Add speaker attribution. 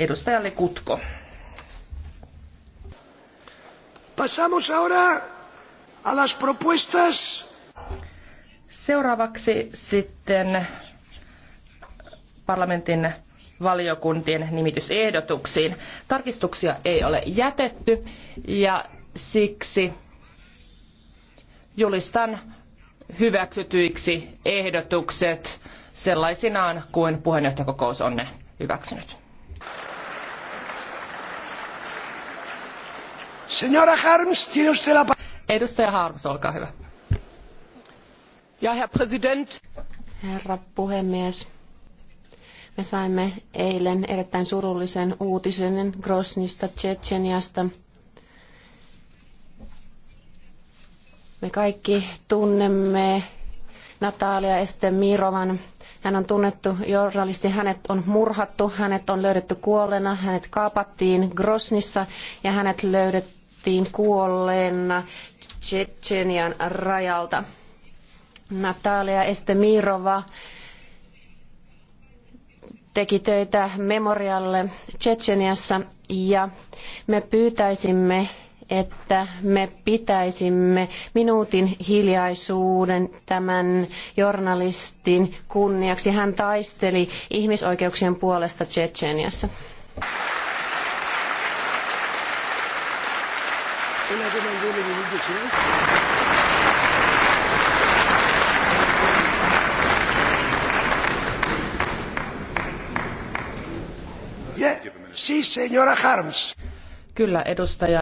Speaker 1: edustajalle Kutko. Pasamos ahora a las propuestas. Seuraavaksi sitten parlamentin valiokuntien nimitysehdotuksiin. Tarkistuksia ei ole jätetty ja siksi julistan hyväksytyiksi ehdotukset sellaisinaan kuin puheenjohtajakokous on ne hyväksynyt.
Speaker 2: Signora Harms, tiene usted
Speaker 1: la... Edustaja Harms, olkaa hyvä. Ja herr president.
Speaker 2: Herra puhemies. Me saimme eilen erittäin surullisen uutisen Grosnista, Tsetseniasta. Me kaikki tunnemme Natalia Estemirovan. Hän on tunnettu journalisti, hänet on murhattu, hänet on löydetty kuolleena, hänet kaapattiin Grosnissa ja hänet löydettiin tunnettiin kuolleena Tsetsenian rajalta. Natalia Estemirova teki töitä Memorialle Tsetseniassa ja me pyytäisimme, että me pitäisimme minuutin hiljaisuuden tämän journalistin kunniaksi. Hän taisteli ihmisoikeuksien puolesta Tsetseniassa.
Speaker 1: una Harms. Kyllä, edustaja